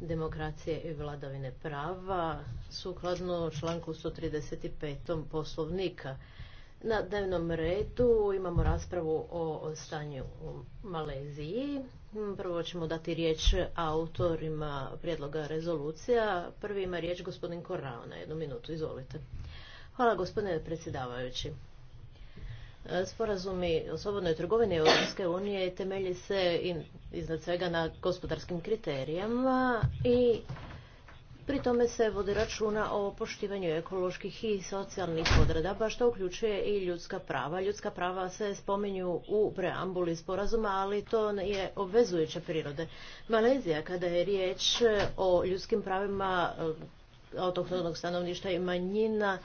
demokracije i vladavine prava sukladno članku 135. poslovnika. Na dnevnom redu imamo raspravu o stanju u Maleziji. Prvo ćemo dati riječ autorima prijedloga rezolucija. Prvi ima riječ gospodin Korao na jednu minutu. Izvolite. Hvala gospodine predsjedavajući. E, sporazumi o slobodnoj trgovini Europske unije temelji se iznad svega na gospodarskim kriterijama i pri tome se vodi računa o poštivanju ekoloških i socijalnih odredaba što uključuje i ljudska prava. Ljudska prava se spominju u preambuli sporazuma, ali to je obvezujuće prirode. Malezija kada je riječ o ljudskim pravima e, autohtonog stanovništva i manjina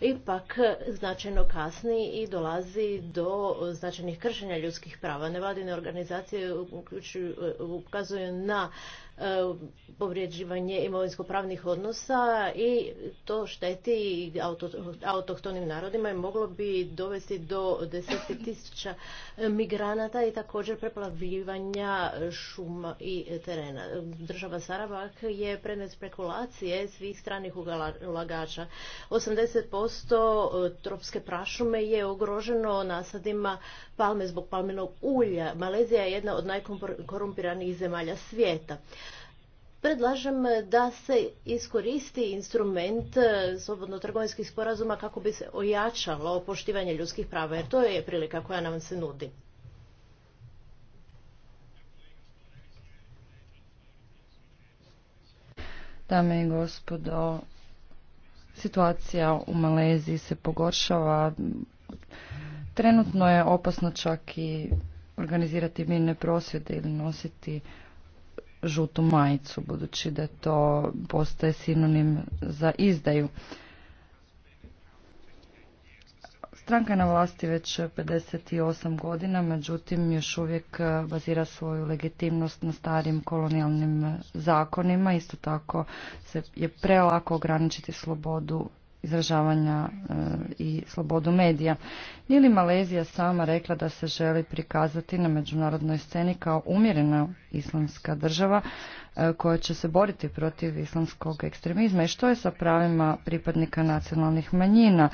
ipak značajno kasni i dolazi do značajnih kršenja ljudskih prava. Nevladine organizacije ukazuju na e, povrijeđivanje imovinsko-pravnih odnosa i to šteti autohtonim narodima i moglo bi dovesti do deseti tisuća migranata i također preplavljivanja šuma i terena. Država Sarabak je predmet spekulacije svih stranih ulagača. 80% 50% e, tropske prašume je ugroženo nasadima palme zbog palminog ulja. Malezija je jedna od najkorumpiranijih zemalja svijeta. Predlažem da se iskoristi instrument e, slobodno trgovinskih sporazuma kako bi se ojačalo poštivanje ljudskih prava, jer to je prilika koja nam se nudi. Dame i gospodo, situacija u Maleziji se pogoršava. Trenutno je opasno čak i organizirati mirne prosvjede ili nositi žutu majicu, budući da to postaje sinonim za izdaju. Stranka je na vlasti već 58 godina, međutim još uvijek e, bazira svoju legitimnost na starim kolonijalnim e, zakonima. Isto tako se je prelako ograničiti slobodu izražavanja e, i slobodu medija. Nije li Malezija sama rekla da se želi prikazati na međunarodnoj sceni kao umjerena islamska država koja će se boriti protiv islamskog ekstremizma i što je sa pravima pripadnika nacionalnih manjina?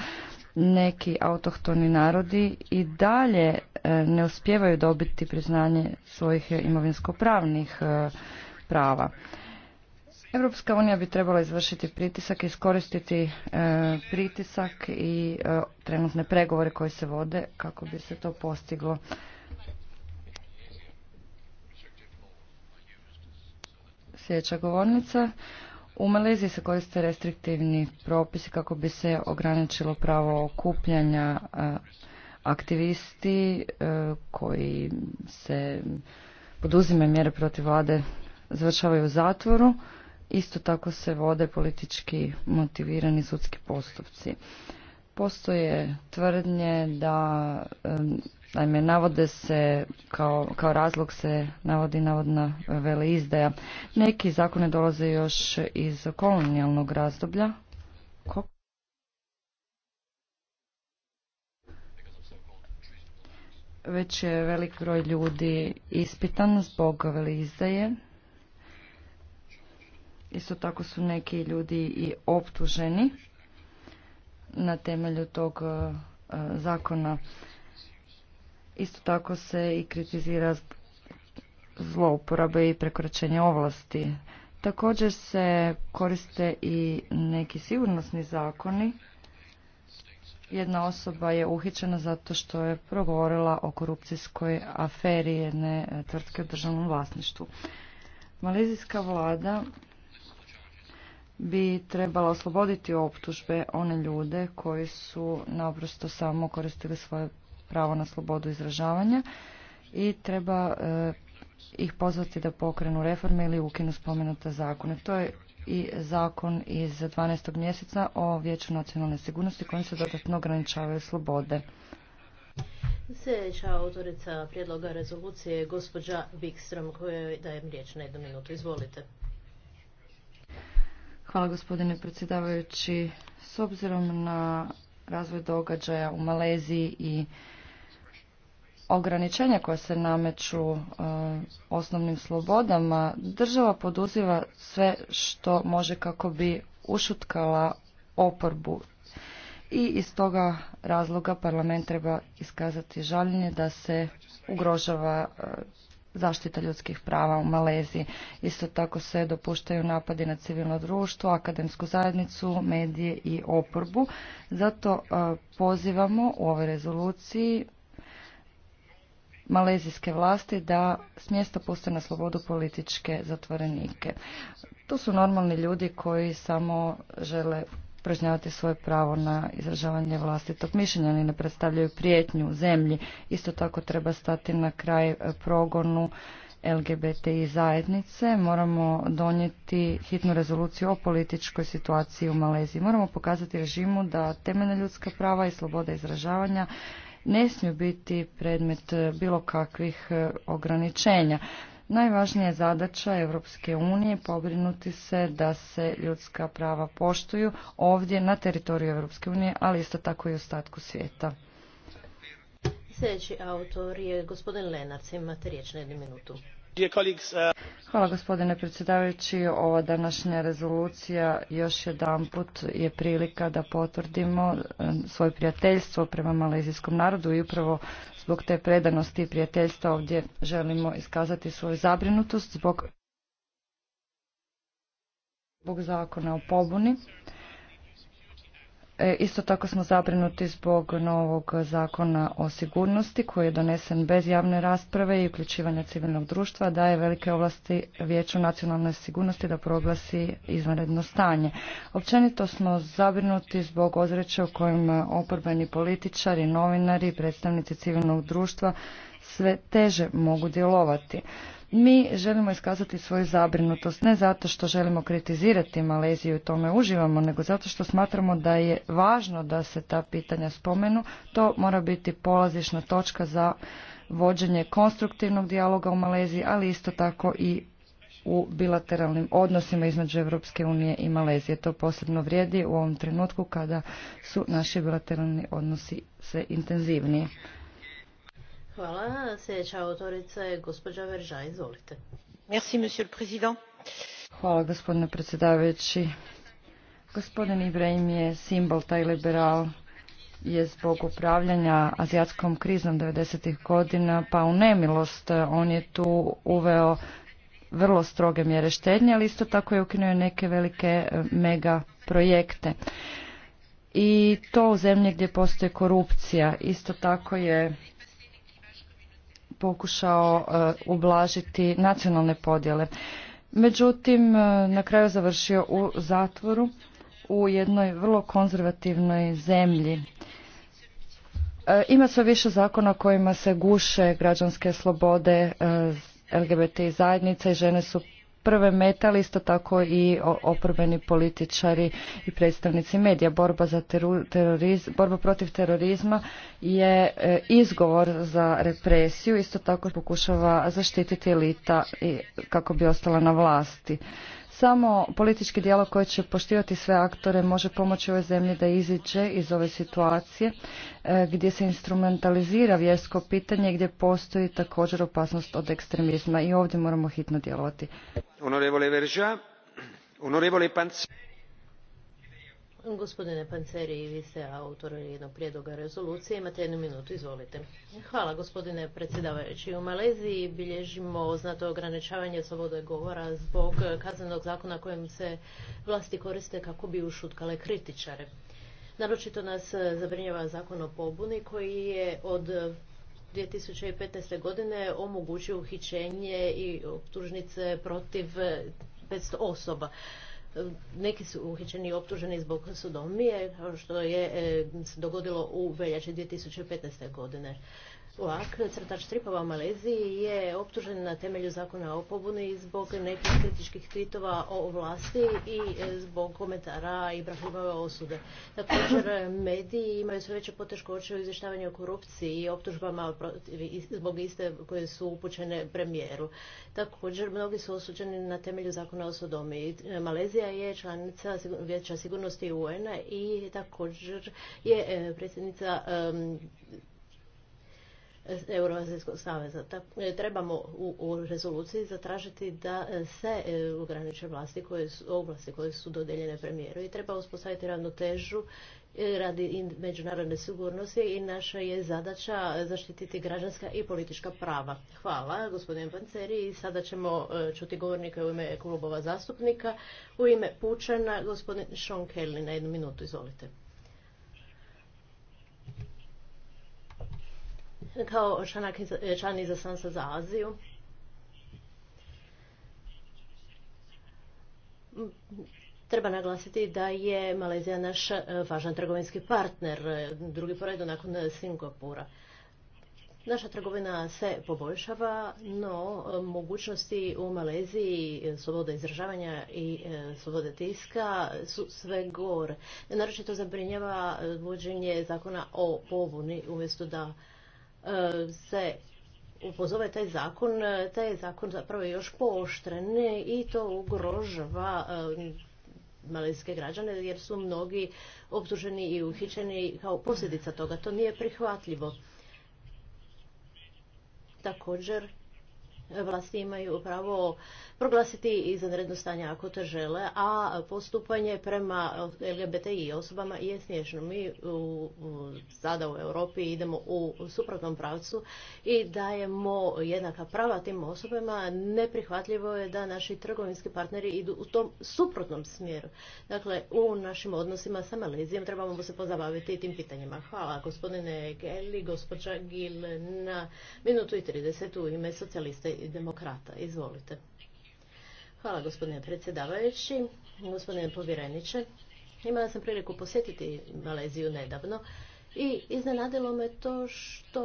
neki autohtoni narodi i dalje e, ne uspijevaju dobiti priznanje svojih imovinsko-pravnih e, prava. Europska unija bi trebala izvršiti pritisak, i iskoristiti e, pritisak i trenutne pregovore koji se vode kako bi se to postiglo. Sljedeća govornica. U Maleziji se koriste restriktivni propisi kako bi se ograničilo pravo okupljanja aktivisti e, koji se poduzime mjere protiv vlade završavaju u zatvoru. Isto tako se vode politički motivirani sudski postupci. Postoje tvrdnje da Naime, navode se, kao, kao razlog se navodi navodna e, izdaja. Neki zakone dolaze još iz kolonijalnog razdoblja. Već je velik broj ljudi ispitan zbog veleizdaje. Isto tako su neki ljudi i optuženi na temelju tog e, zakona. Isto tako se i kritizira zlouporabe i prekoračenje ovlasti. Također se koriste i neki sigurnosni zakoni. Jedna osoba je uhićena zato što je progovorila o korupcijskoj aferi jedne e, tvrtke u državnom vlasništvu. Malezijska vlada bi trebala osloboditi optužbe one ljude koji su naprosto samo koristili svoje pravo na slobodu izražavanja i treba e, ih pozvati da pokrenu reforme ili ukinu spomenuta zakone. To je i zakon iz 12. mjeseca o vijeću nacionalne sigurnosti kojim se dodatno ograničavaju slobode. Sljedeća autorica prijedloga rezolucije je gospođa Wikström kojoj dajem riječ na jednu minutu. Izvolite. Hvala gospodine predsjedavajući. S obzirom na razvoj događaja u Maleziji i ograničenja koja se nameću e, osnovnim slobodama, država poduziva sve što može kako bi ušutkala oporbu. I iz toga razloga parlament treba iskazati žaljenje da se ugrožava e, zaštita ljudskih prava u Malezi. Isto tako se dopuštaju napadi na civilno društvo, akademsku zajednicu, medije i oporbu. Zato e, pozivamo u ovoj rezoluciji malezijske vlasti da smjesto puste na slobodu političke zatvorenike. To su normalni ljudi koji samo žele pražnjavati svoje pravo na izražavanje vlastitog mišljenja, oni ne predstavljaju prijetnju zemlji. Isto tako treba stati na kraj e, progonu LGBTI zajednice. Moramo donijeti hitnu rezoluciju o političkoj situaciji u Maleziji. Moramo pokazati režimu da temeljna ljudska prava i sloboda izražavanja ne smiju biti predmet e, bilo kakvih e, ograničenja. Najvažnija zadaća Europske unije pobrinuti se da se ljudska prava poštuju ovdje na teritoriju Europske unije, ali isto tako i u ostatku svijeta. Sljedeći autor je gospodin Lenac, imate riječ na jednu minutu. Uh, Hvala gospodine predsjedavajući. Ova današnja rezolucija još jedanput je prilika da potvrdimo e, svoje prijateljstvo prema malezijskom narodu i upravo zbog te predanosti i prijateljstva ovdje želimo iskazati svoju zabrinutost zbog zakona o pobuni. E, isto tako smo zabrinuti zbog novog zakona o sigurnosti koji je donesen bez javne rasprave i uključivanja civilnog društva, daje velike ovlasti Vijeću nacionalne sigurnosti da proglasi izvanredno stanje. Općenito smo zabrinuti zbog ozreća u kojem oporbeni političari, novinari i predstavnici civilnog društva sve teže mogu djelovati. Mi želimo iskazati svoju zabrinutost ne zato što želimo kritizirati Maleziju i tome uživamo, nego zato što smatramo da je važno da se ta pitanja spomenu. To mora biti polazišna točka za vođenje konstruktivnog dijaloga u Maleziji, ali isto tako i u bilateralnim odnosima između Europske unije i Malezije. To posebno vrijedi u ovom trenutku kada su naši bilateralni odnosi sve intenzivniji. Hvala. Sljedeća autorica je gospođa Verža. Izvolite. Merci, monsieur le président. Hvala, gospodine predsjedavajući. Gospodin Ibrahim je simbol, taj liberal je zbog upravljanja azijatskom krizom 90. godina pa u nemilost. Eh, on je tu uveo vrlo stroge mjere štednje, ali isto tako je ukinuo neke velike eh, mega projekte. I to u zemlji gdje postoji korupcija. Isto tako je pokušao e, ublažiti nacionalne podjele. Međutim, e, na kraju završio u zatvoru u jednoj vrlo konzervativnoj zemlji. E, ima sve više zakona kojima se guše građanske slobode LGBT zajednica i žene su prve ali isto tako i oporbeni političari i predstavnici medija. Borba, za borba protiv terorizma je e, izgovor za represiju, isto tako pokušava zaštititi elita kako bi ostala na vlasti. Samo politički dijalog koji će poštivati sve aktore može pomoći ovoj zemlji da iziđe iz ove situacije e, gdje se instrumentalizira vjersko pitanje gdje postoji također opasnost od ekstremizma i ovdje moramo hitno djelovati. Gospodine Panceri, vi ste autor jednog prijedloga rezolucije. Imate jednu minutu, izvolite. Hvala, gospodine predsjedavajući. U Maleziji bilježimo znato ograničavanje slobode govora zbog kaznenog zakona kojim se vlasti koriste kako bi ušutkale kritičare. Naročito nas zabrinjava zakon o pobuni koji je od 2015. godine omogućio uhićenje i optužnice protiv 500 osoba neki su uhićeni i optuženi zbog sodomije, što je e, se dogodilo u veljači 2015. godine. Lak, crtač stripova u Maleziji, je optužen na temelju zakona o pobuni zbog nekih kritičkih kritova o vlasti i e, zbog komentara i brahlimove osude. Također, mediji imaju sve veće poteškoće u izvještavanju o korupciji i optužbama zbog iste koje su upućene premijeru. Također, mnogi su osuđeni na temelju zakona o sodomi. Malezija je članica Vijeća sigurnosti UN-a i također je e, predsjednica Euroazijskog saveza. E, trebamo u, rezoluciji zatražiti da e, se e, ograniče vlasti koje su, ovlasti koje su dodeljene premijeru i treba uspostaviti ravnotežu radi međunarodne sigurnosti i naša je zadaća zaštititi građanska i politička prava. Hvala gospodin Panceri i sada ćemo čuti govornika u ime klubova zastupnika. U ime Pučana gospodin Šon Kelly na jednu minutu izvolite. kao e, član izaslanstva za Aziju. Treba naglasiti da je Malezija naš e, važan trgovinski partner, e, drugi po nakon Singapura. Naša trgovina se poboljšava, no mogućnosti u Maleziji sloboda izražavanja i slobode tiska su sve gore. Naročito zabrinjava vođenje zakona o povuni umjesto da se upozove taj zakon, taj je zakon zapravo još pooštren i to ugrožava e, malinske građane jer su mnogi optuženi i uhićeni kao posljedica toga. To nije prihvatljivo. Također, vlasti imaju pravo proglasiti izvanredno stanje ako to žele, a postupanje prema LGBTI osobama je smiješno. Mi sada u Europi idemo u, suprotnom pravcu i dajemo jednaka prava tim osobama. Neprihvatljivo je da naši trgovinski partneri idu u tom suprotnom smjeru. Dakle, u našim odnosima sa Malezijom trebamo se pozabaviti tim pitanjima. Hvala gospodine Kelly, gospođa Gil na minutu i 30 u ime socijaliste i demokrata. Izvolite. Hvala gospodine predsjedavajući, gospodine povjereniče. Imala sam priliku posjetiti Maleziju nedavno i iznenadilo me to što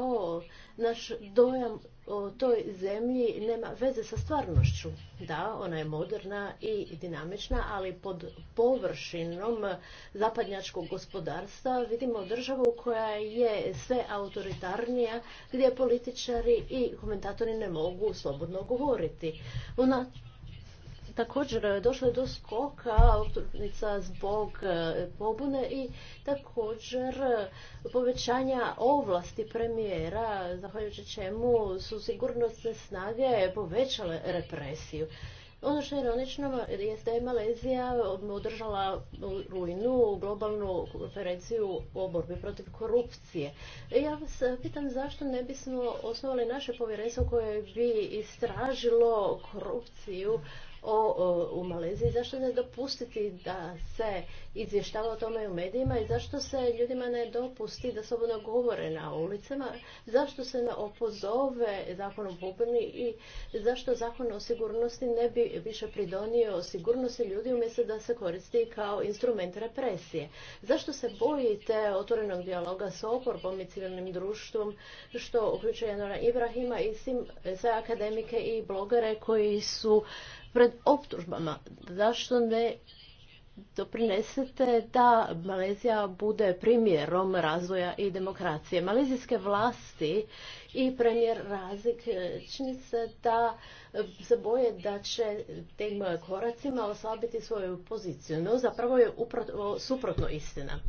naš dojam o toj zemlji nema veze sa stvarnošću. Da, ona je moderna i dinamična, ali pod površinom zapadnjačkog gospodarstva vidimo državu koja je sve autoritarnija, gdje političari i komentatori ne mogu slobodno govoriti. Ona Također e, došlo je do skoka optužnica zbog e, pobune i također e, povećanja ovlasti premijera, zahvaljujući čemu su sigurnosne snage povećale represiju. Ono što je ironično je da je Malezija održala u rujnu globalnu konferenciju o borbi protiv korupcije. Ja vas pitam zašto ne bismo osnovali naše povjerenstvo koje bi istražilo korupciju o, u Maleziji, zašto ne dopustiti da se izvještava o tome u medijima i zašto se ljudima ne dopusti da slobodno govore na ulicama, zašto se ne opozove zakon o bubrni i zašto zakon o sigurnosti ne bi više pridonio sigurnosti ljudi umjesto da se koristi kao instrument represije. Zašto se bojite otvorenog dijaloga s oporbom i civilnim društvom što uključuje Nora Ibrahima i sve akademike i blogere koji su pred optužbama. Zašto ne doprinesete da Malezija bude primjerom razvoja i demokracije. Malezijske vlasti i premijer Razik e, čini se da se boje da će tim koracima oslabiti svoju poziciju. No zapravo je upravo suprotno istina.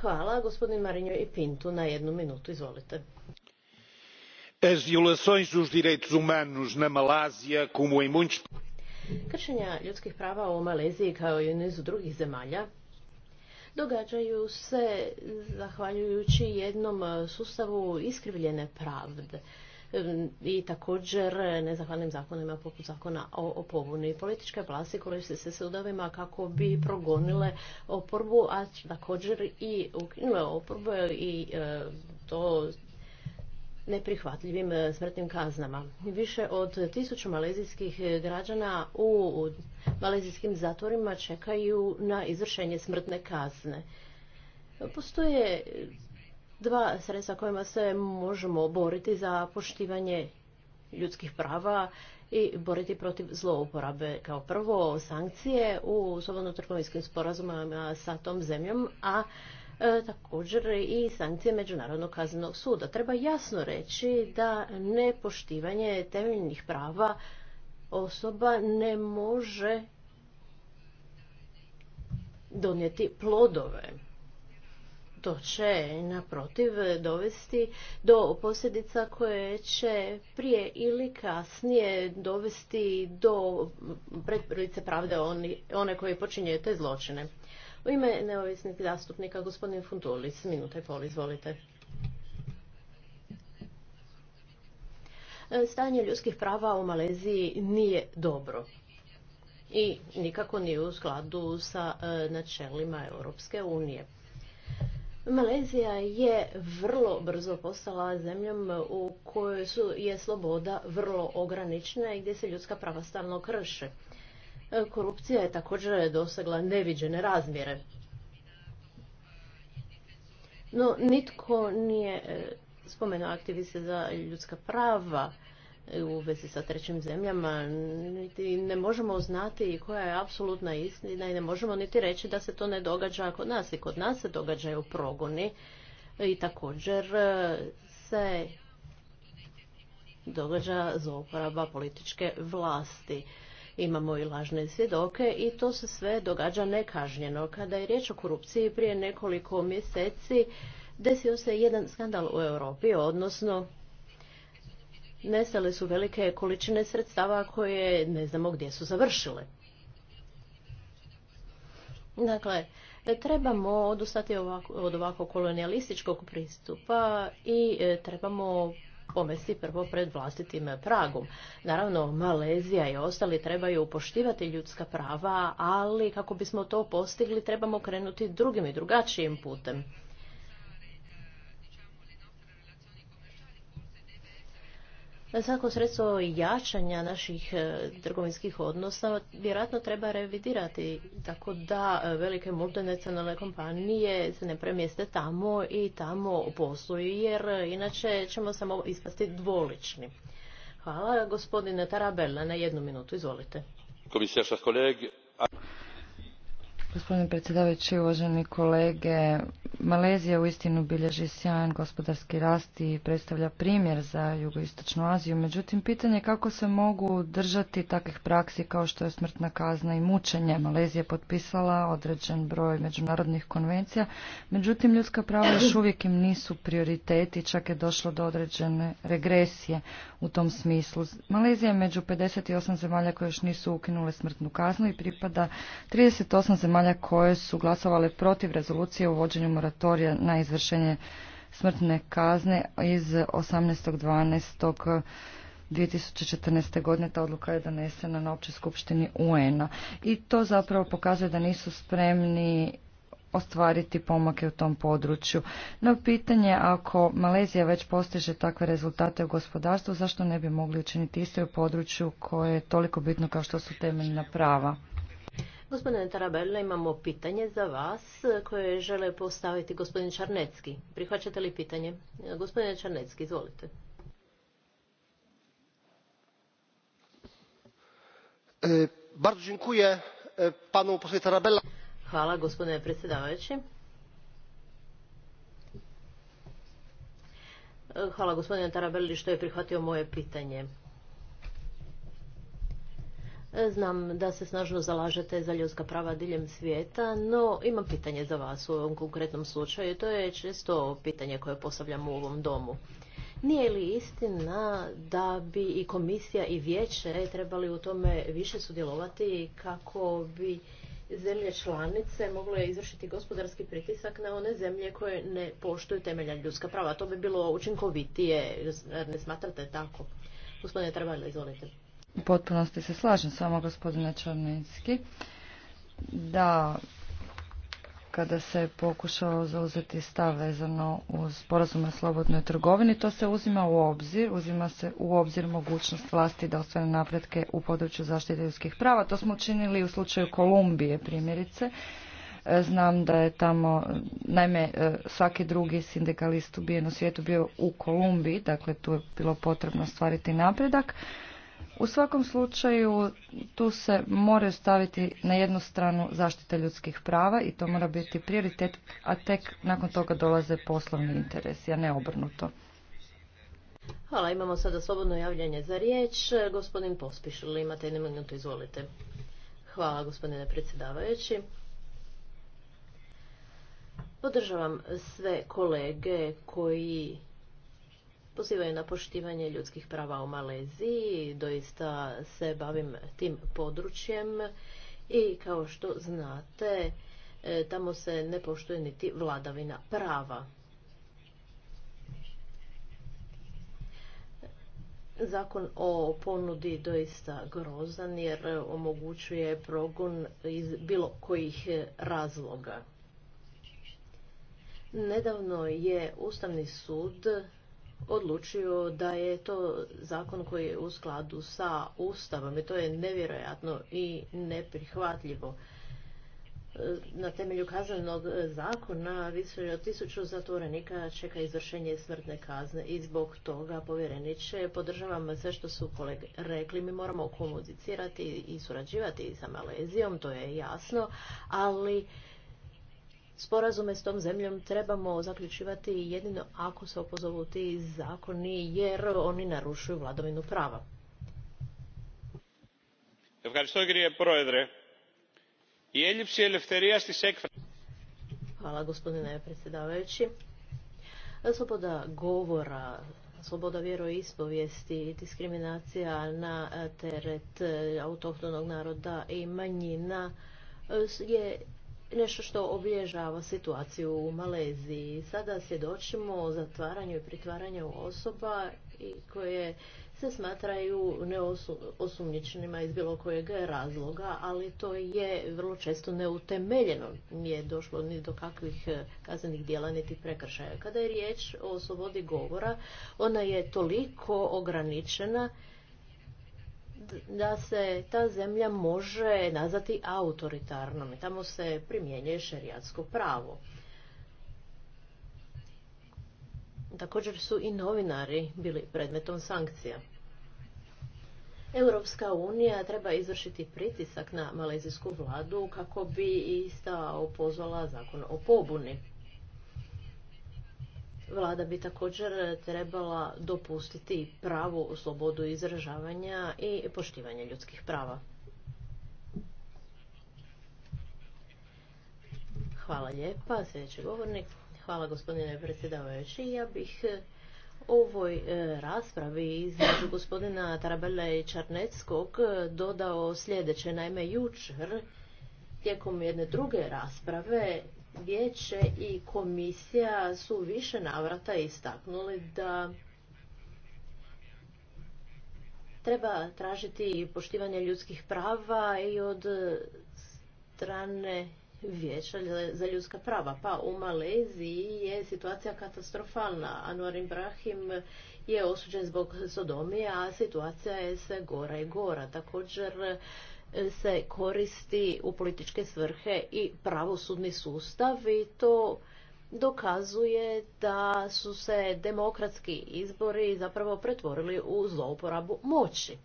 Hvala gospodin Marinjo i Pintu na jednu minutu. Izvolite. As violações dos direitos humanos na Malásia, como em muitos Kršenja ljudskih prava u Maleziji kao i u nizu drugih zemalja događaju se zahvaljujući jednom sustavu iskrivljene pravde i također nezahvalnim zakonima poput zakona o, o i Političke vlasti koriste se sudovima kako bi progonile oporbu, a također i ukinule oporbu i e, to neprihvatljivim e, smrtnim kaznama. Više od tisuću malezijskih e, građana u malezijskim zatvorima čekaju na izvršenje smrtne kazne. Postoje dva sredstva kojima se možemo boriti za poštivanje ljudskih prava i boriti protiv zlouporabe. Kao prvo sankcije u slobodno trgovinskim sporazumima sa tom zemljom, a E, također i sankcije Međunarodnog kaznenog suda. Treba jasno reći da nepoštivanje temeljnih prava osoba ne može donijeti plodove. To će naprotiv dovesti do posljedica koje će prije ili kasnije dovesti do predprilice pravde one koje počinjaju te zločine. U ime neovisnih zastupnika, gospodin Funtulis, minuta i pol, izvolite. E, stanje ljudskih prava u Maleziji nije dobro i nikako nije u skladu sa e, načelima Europske unije. Malezija je vrlo brzo postala zemljom u kojoj su, je sloboda vrlo ograničena i gdje se ljudska prava stalno krše. E, korupcija je također dosegla neviđene razmjere. No, nitko nije e, spomenuo aktiviste za ljudska prava e, u vezi sa trećim zemljama. ne možemo znati koja je apsolutna istina i ne možemo niti reći da se to ne događa kod nas. I kod nas se događaju progoni i također se događa zlouporaba političke vlasti. Imamo i lažne svjedoke i to se sve događa nekažnjeno. Kada je riječ o korupciji prije nekoliko mjeseci desio se jedan skandal u Europi, odnosno nestale su velike količine sredstava koje ne znamo gdje su završile. Dakle, trebamo odustati od ovako kolonijalističkog pristupa i e, trebamo pomesti prvo pred vlastitim pragom. Naravno, Malezija i ostali trebaju upoštivati ljudska prava, ali kako bismo to postigli trebamo krenuti drugim i drugačijim putem. svako sredstvo jačanja naših e, trgovinskih odnosa vjerojatno treba revidirati, tako da e, velike multinacionalne kompanije se ne premjeste tamo i tamo posluju, jer e, inače ćemo samo ispasti dvolični. Hvala, gospodine Tarabella, na jednu minutu, izvolite. Gospodine predsjedavajući, uvaženi kolege, Malezija uistinu bilježi sjajan gospodarski rast i predstavlja primjer za jugoistočnu Aziju. Međutim, pitanje kako se mogu držati takvih praksi kao što je smrtna kazna i mučenje. Malezija je potpisala određen broj međunarodnih konvencija, međutim ljudska prava još uvijek im nisu prioriteti, čak je došlo do određene regresije u tom smislu. Malezija je među 58 zemalja koje još nisu ukinule smrtnu kaznu i pripada 38 zemalja koje su glasovale protiv rezolucije o moratorija na izvršenje smrtne kazne iz 18.12.2014. godine ta odluka je donesena na općoj skupštini UN-a i to zapravo pokazuje da nisu spremni ostvariti pomake u tom području. No pitanje ako Malezija već postiže takve rezultate u gospodarstvu, zašto ne bi mogli učiniti isto u području koje je toliko bitno kao što su temeljna prava? Gospodine Tarabella, imamo pitanje za vas koje žele postaviti gospodin Čarnecki. Prihvaćate li pitanje? Gospodine Čarnecki, izvolite. E, bardzo dziękuję e, panu posłowi Tarabella. Hvala gospodine predsjedavajući. E, hvala gospodine Tarabelli što je prihvatio moje pitanje. Znam da se snažno zalažete za ljudska prava diljem svijeta, no imam pitanje za vas u ovom konkretnom slučaju. To je često pitanje koje postavljam u ovom domu. Nije li istina da bi i komisija i vijeće trebali u tome više sudjelovati kako bi zemlje članice mogle izvršiti gospodarski pritisak na one zemlje koje ne poštuju temelja ljudska prava? To bi bilo učinkovitije, ne smatrate tako? Gospodine Trvajla, izvolite potpunosti se slažem s vama gospodine da kada se pokušao zauzeti stav vezano uz sporazum o slobodnoj trgovini, to se uzima u obzir, uzima se u obzir mogućnost vlasti da ostane napretke u području zaštite ljudskih prava. To smo učinili u slučaju Kolumbije primjerice. E, znam da je tamo, naime, e, svaki drugi sindikalist ubijen u svijetu bio u Kolumbiji, dakle tu je bilo potrebno stvariti napredak. U svakom slučaju tu se moraju staviti na jednu stranu zaštite ljudskih prava i to mora biti prioritet, a tek nakon toga dolaze poslovni interesi, a ne obrnuto. Hvala, imamo sada slobodno javljanje za riječ. Gospodin Pospišil, imate jednu minutu, izvolite. Hvala, gospodine predsjedavajući. Podržavam sve kolege koji pozivaju na poštivanje ljudskih prava u Maleziji. Doista se bavim tim područjem i kao što znate e, tamo se ne poštuje niti vladavina prava. Zakon o ponudi doista grozan jer omogućuje progon iz bilo kojih razloga. Nedavno je Ustavni sud odlučio da je to zakon koji je u skladu sa Ustavom i to je nevjerojatno i neprihvatljivo. Na temelju kaznenog zakona više od tisuću zatvorenika čeka izvršenje smrtne kazne i zbog toga povjereniče podržavam sve što su kolege rekli. Mi moramo komunicirati i surađivati sa Malezijom, to je jasno, ali sporazume s tom zemljom trebamo zaključivati jedino ako se opozovu ti zakoni jer oni narušuju vladavinu prava. Hvala gospodine predsjedavajući. Sloboda govora, sloboda vjeroispovijesti i diskriminacija na teret autohtonog naroda i manjina je nešto što obilježava situaciju u Maleziji. Sada svjedočimo o zatvaranju i pritvaranju osoba koje se smatraju neosumnjičenima iz bilo kojeg razloga, ali to je vrlo često neutemeljeno. Nije došlo ni do kakvih eh, kaznenih djela niti prekršaja. Kada je riječ o slobodi govora, ona je toliko ograničena da se ta zemlja može nazvati autoritarnom. i Tamo se primjenjuje šerijatsko pravo. Također su i novinari bili predmetom sankcija. Europska unija treba izvršiti pritisak na malezijsku vladu kako bi ista opozvala zakon o pobuni. Vlada bi također trebala dopustiti pravu slobodu izražavanja i poštivanje ljudskih prava. Hvala lijepa, sljedeći govornik. Hvala gospodine predsjedavajući. Ja bih e, ovoj e, raspravi između gospodina Tarabela i Čarneckog e, dodao sljedeće. Naime, jučer tijekom jedne druge rasprave Vijeće i komisija su više navrata istaknuli da treba tražiti poštivanje ljudskih prava i od strane vijeća za ljudska prava. Pa u Maleziji je situacija katastrofalna. Anwar Ibrahim je osuđen zbog sodomije, a situacija je sve gora i gora. Također se koristi u političke svrhe i pravosudni sustav i to dokazuje da su se demokratski izbori zapravo pretvorili u zlouporabu moći.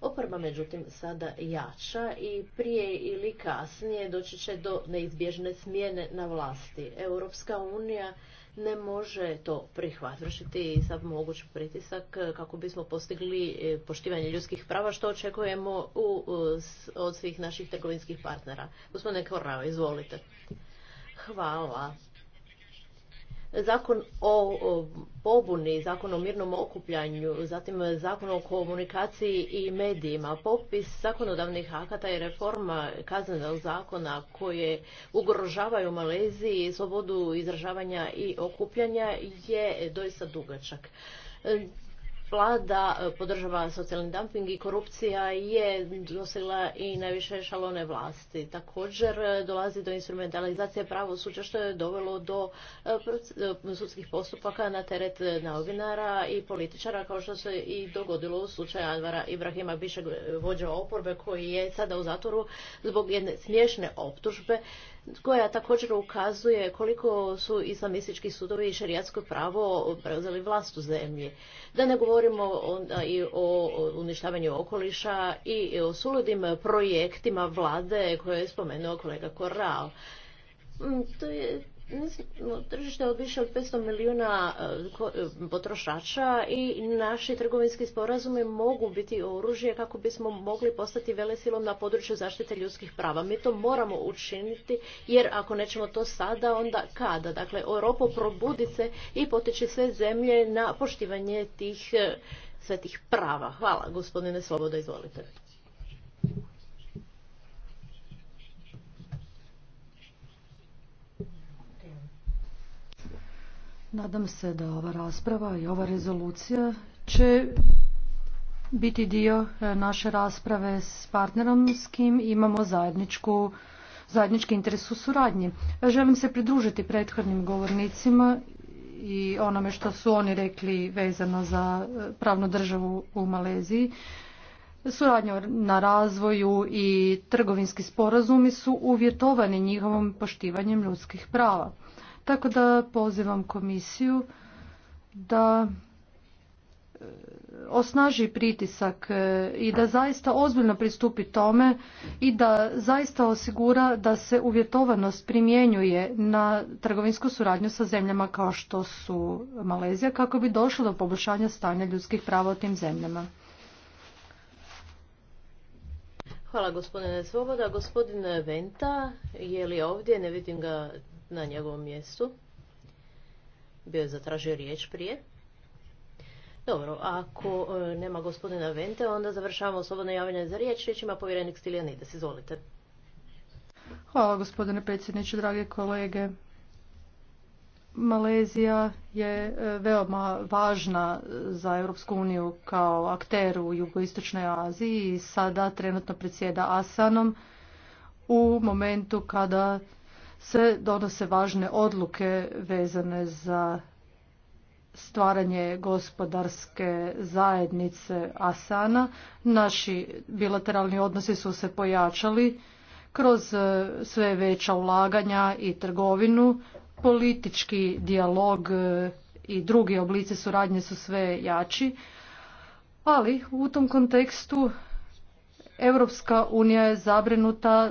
Oporba međutim sada jača i prije ili kasnije doći će do neizbježne smjene na vlasti. Europska unija ne može to prihvatiti i sad moguć pritisak kako bismo postigli e, poštivanje ljudskih prava što očekujemo u, od svih naših trgovinskih partnera. Gospodine Korao, izvolite. Hvala zakon o pobuni, zakon o mirnom okupljanju, zatim zakon o komunikaciji i medijima, popis zakonodavnih akata i reforma kaznenog zakona koje ugrožavaju Maleziji slobodu izražavanja i okupljanja je doista dugačak vlada e, podržava socijalni dumping i korupcija je nosila i najviše šalone vlasti. Također e, dolazi do instrumentalizacije pravosuđa što je dovelo do e, sudskih postupaka na teret novinara i političara kao što se i dogodilo u slučaju Advara Ibrahima, bivšeg vođa oporbe koji je sada u zatvoru zbog jedne smiješne optužbe koja također ukazuje koliko su islamistički sudovi i šerijatsko pravo preuzeli vlast u zemlji. Da ne govorimo onda i o uništavanju okoliša i o suludim projektima vlade koje je spomenuo kolega Koral. Mm, to je tržište od više od 500 milijuna e, e, potrošača i naši trgovinski sporazumi mogu biti oružje kako bismo mogli postati velesilom na području zaštite ljudskih prava. Mi to moramo učiniti jer ako nećemo to sada, onda kada? Dakle, Europo probudi se i potiče sve zemlje na poštivanje tih, e, sve tih prava. Hvala, gospodine Sloboda, izvolite. Nadam se da ova rasprava i ova rezolucija će biti dio e, naše rasprave s partnerom s kim imamo zajedničku zajednički interes u suradnji. E, želim se pridružiti prethodnim govornicima i onome što su oni rekli vezano za e, pravnu državu u Maleziji. Suradnja na razvoju i trgovinski sporazumi su uvjetovani njihovom poštivanjem ljudskih prava. Tako da pozivam komisiju da e, osnaži pritisak e, i da zaista ozbiljno pristupi tome i da zaista osigura da se uvjetovanost primjenjuje na trgovinsku suradnju sa zemljama kao što su Malezija kako bi došlo do poboljšanja stanja ljudskih prava u tim zemljama. Hvala gospodine Svoboda. Gospodine Venta, je li ovdje? Ne vidim ga na njegovom mjestu. Bio je zatražio riječ prije. Dobro, ako e, nema gospodina Vente, onda završavamo slobodno javljanje za riječ. Riječ ima povjerenik Stiljanides. Izvolite. Hvala gospodine predsjedniče, drage kolege. Malezija je e, veoma važna za Europsku uniju kao akter u jugoistočnoj Aziji i sada trenutno predsjeda Asanom u momentu kada se donose važne odluke vezane za stvaranje gospodarske zajednice Asana. Naši bilateralni odnosi su se pojačali kroz e, sve veća ulaganja i trgovinu. Politički dijalog e, i drugi oblici suradnje su sve jači. Ali u tom kontekstu Europska unija je zabrinuta e,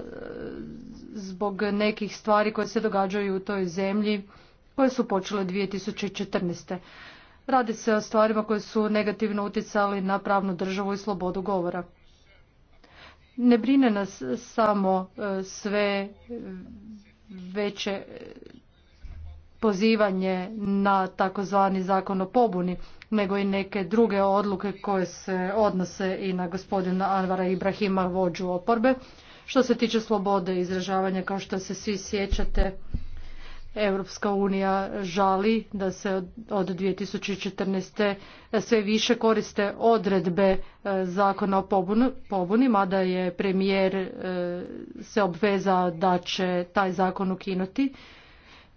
zbog nekih stvari koje se događaju u toj zemlji koje su počele 2014. Radi se o stvarima koje su negativno utjecali na pravnu državu i slobodu govora. Ne brine nas samo e, sve veće pozivanje na takozvani zakon o pobuni, nego i neke druge odluke koje se odnose i na gospodina Anvara Ibrahima vođu oporbe. Što se tiče slobode izražavanja, kao što se svi sjećate, Europska unija žali da se od 2014. sve više koriste odredbe e, zakona o pobuni, mada je premijer e, se obvezao da će taj zakon ukinuti.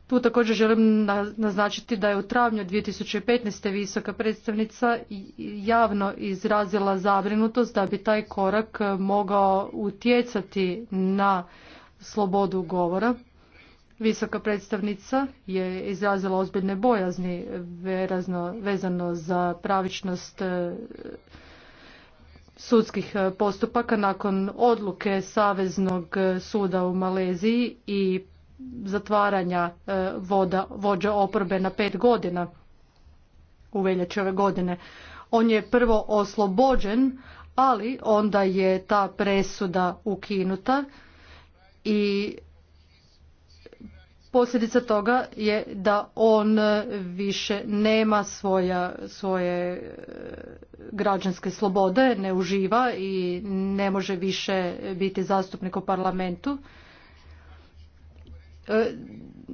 Tu također želim naznačiti da je u travnju 2015. visoka predstavnica javno izrazila zabrinutost da bi taj korak e, mogao utjecati na slobodu govora. Visoka predstavnica je izrazila ozbiljne bojazni vezano za pravičnost e, sudskih e, postupaka nakon odluke Saveznog suda u Maleziji i zatvaranja e, voda, vođa oporbe na pet godina u veljači ove godine. On je prvo oslobođen, ali onda je ta presuda ukinuta i posljedica toga je da on više nema svoja, svoje e, građanske slobode, ne uživa i ne može više biti zastupnik u parlamentu.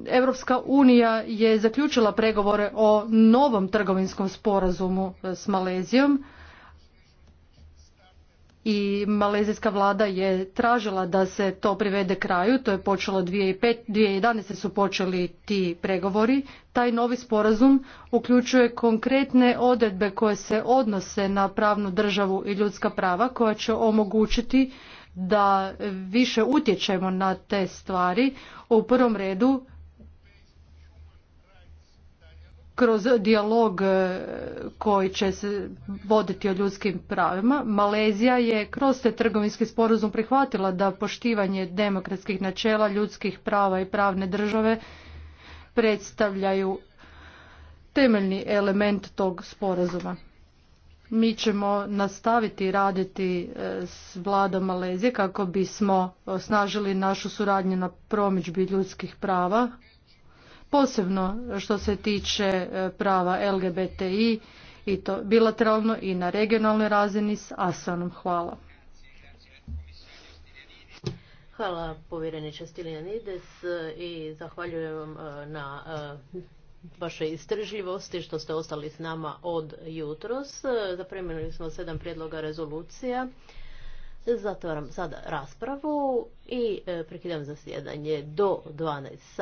Europska unija je zaključila pregovore o novom trgovinskom sporazumu e, s Malezijom i malezijska vlada je tražila da se to privede kraju, to je počelo tisuće 2011. su počeli ti pregovori. Taj novi sporazum uključuje konkretne odredbe koje se odnose na pravnu državu i ljudska prava koja će omogućiti da više utječemo na te stvari u prvom redu kroz dijalog e, koji će se voditi o ljudskim pravima. Malezija je kroz te trgovinski sporazum prihvatila da poštivanje demokratskih načela, ljudskih prava i pravne države predstavljaju temeljni element tog sporazuma. Mi ćemo nastaviti raditi e, s vladom Malezije kako bismo osnažili našu suradnju na promičbi ljudskih prava, posebno što se tiče e, prava LGBTI i to bilateralno i na regionalnoj razini s Asanom. Hvala. Hvala povjereniče Stiljanides i zahvaljujem e, na vaše istržljivosti što ste ostali s nama od jutros. Zapremili smo sedam prijedloga rezolucija. Zatvaram sada raspravu i e, prekidam zasjedanje do 12